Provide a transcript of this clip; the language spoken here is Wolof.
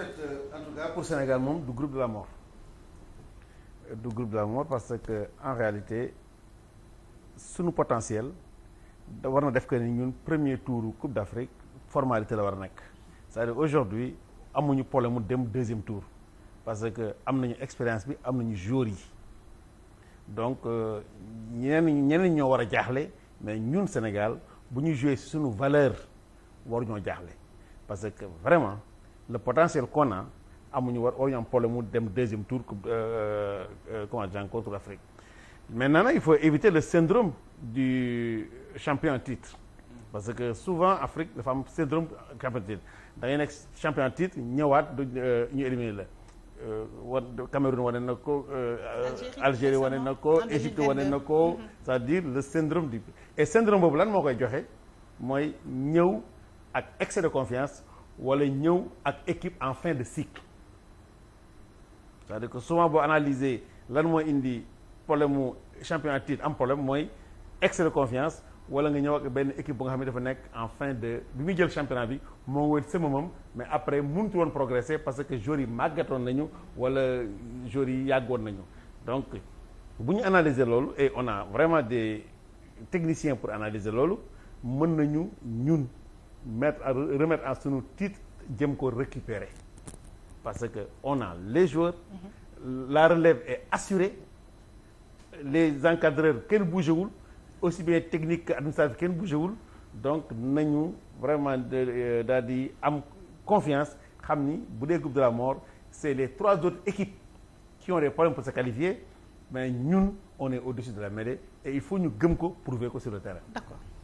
fait pour euh, Sénégal moom du groupe de la mort du groupe de la mort parce que en réalité sunu potentiel da war na def que ni ñun premier tour Coupe d'Afrique formalité la war a nekk c'est-à-dire aujourd'hui amuñu problème mu dem deuxième tour parce que am nañu expérience bi am nañu jour yi donc euh, ñeneen ñeneen ñoo war a jaaxle mais ñun Sénégal bu ñu jouer suñu valeur waruñoo jaaxle parce que vraiment le potentiel qu'on a amuñu war waruñu am problème mu dem deuxième tour coupe euh, euh, comment dire contre l'Afrique maintenant nag il faut éviter le syndrome du champion en titre parce que souvent Afrique dafa am syndrome champion en titre da ngay nekk champion en titre ñëwaat du euh, ñu éliminer la war Cameroun wane na ko Algérie wane na ko Égypte wane na ko mm-hmm. c'est-à-dire le syndrome du et syndrome boobu lan moo koy joxe mooy ñëw ak excès de confiance wala ñëw ak équipe en fin de cycle cest que souvent boo analyser lan mooy indi problème mu championnat am problème mooy excès de confiance wala nga ñëw ak benn équipe bu nga xam ne dafa nekk en fin de bi muy jël championnat bi moo wër sama moom mais après mënut woon progresser parce que joueurs yi màggatoon nañu wala joueurs yi yàggoon nañu donc bu ñu analyser loolu et on a vraiment des techniciens pour analyser loolu mën nañu ñun. mettre remettre en sunu titre jëm ko récupérer parce que on a les joueurs mm-hmm. la relève est assurée les encadreurs kenn bougewul aussi bien technique que administratif kenn bougewul donc nañu vraiment euh, daal di am confiance xam ni bu dee groupe de la mort c'est les trois autres équipes qui ont des problèmes pour se qualifier mais ñun on est au-dessus de la mêlée et il faut ñu gëm ko prouver ko sur le terrain d'accord